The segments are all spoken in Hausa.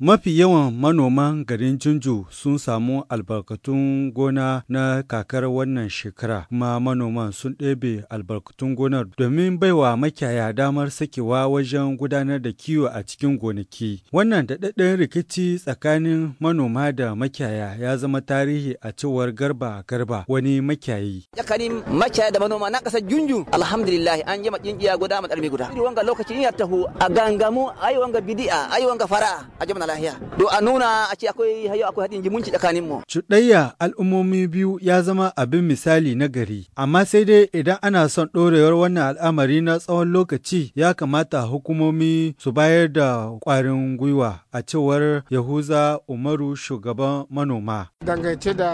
Mafi yawan manoman garin Jinju sun samu albarkatun gona na kakar wannan shekara, kuma manoman sun ɗebe albarkatun gonar domin baiwa makiyaya damar sakewa wajen gudanar da kiwo a cikin gonaki. Wannan daɗaɗɗen rikici tsakanin manoma da makiyaya ya zama tarihi a cewar Garba Garba wani makiyayi. Tsakanin makiyaya da manoma na ƙasar Junju, alhamdulillah an yi maƙinƙiya guda matsalmi guda. Wanga lokaci ya taho a gangamu, ayi wanga bidi'a, fara, a lahiya do a nuna a ce akwai hayo akwai haɗin jimunci tsakanin mu cuɗayya al'ummomi biyu ya zama abin misali na gari amma sai dai idan ana son ɗorewar wannan al'amari na tsawon lokaci ya kamata hukumomi su bayar da kwarin gwiwa a cewar yahuza umaru shugaban manoma dangance da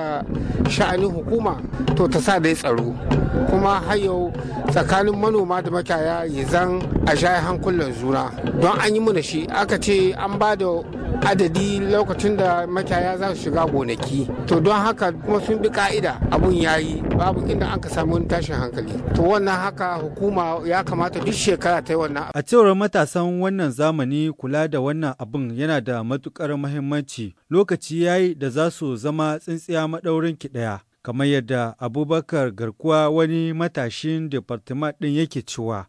sha'anin hukuma to ta sa dai tsaro kuma har yau tsakanin manoma da makaya ya zan a shayi hankulan zura don an yi mana shi aka ce an ba da adadi lokacin da mataya za su shiga gonaki to don haka kuma sun bi ka'ida abun yi babu inda an ka samu tashin hankali to wannan haka hukuma ya kamata duk shekara ta yi wannan a cewar matasan wannan zamani kula da wannan abun yana da matukar mahimmanci lokaci yayi da za su zama tsintsiya maɗaurin ki ɗaya kamar yadda abubakar garkuwa wani matashin departement ɗin yake cewa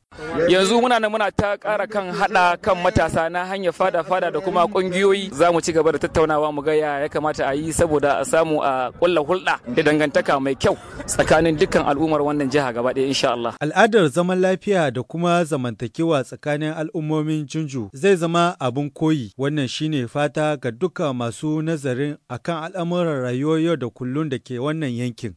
yanzu muna nan muna ta ƙara kan haɗa kan matasa na hanyar fada-fada da kuma ƙungiyoyi za mu ci gaba da tattaunawa mu gaya ya kamata a yi saboda a samu a ƙulla hulɗa da dangantaka mai kyau tsakanin dukkan al'ummar wannan jiha gaba ɗaya insha Allah. Al'adar zaman lafiya da kuma zamantakewa tsakanin al'ummomin Junju zai zama abun koyi wannan shine fata ga duka masu nazarin akan al'amuran rayuwar yau da kullun da ke wannan yanki. yankin.